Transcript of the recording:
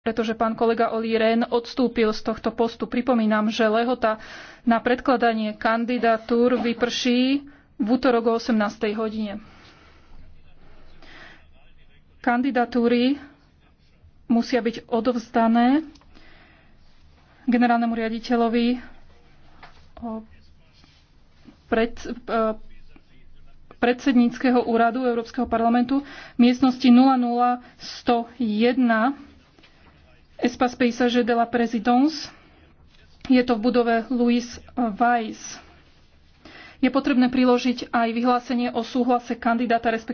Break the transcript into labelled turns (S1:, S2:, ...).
S1: pretože pán kolega Oli Rehn odstúpil z tohto postu. Pripomínam, že lehota na predkladanie kandidatúr vyprší v útorok o 18. hodine. Kandidatúry musia byť odovzdané generálnemu riaditeľovi eh, pred, eh, predsedníckého úradu Európskeho parlamentu v miestnosti 00101 Espace Paysage de la Présidence. Je to v budove Louis Weiss. Je potrebné priložiť aj vyhlásenie o súhlase kandidáta,
S2: respektíve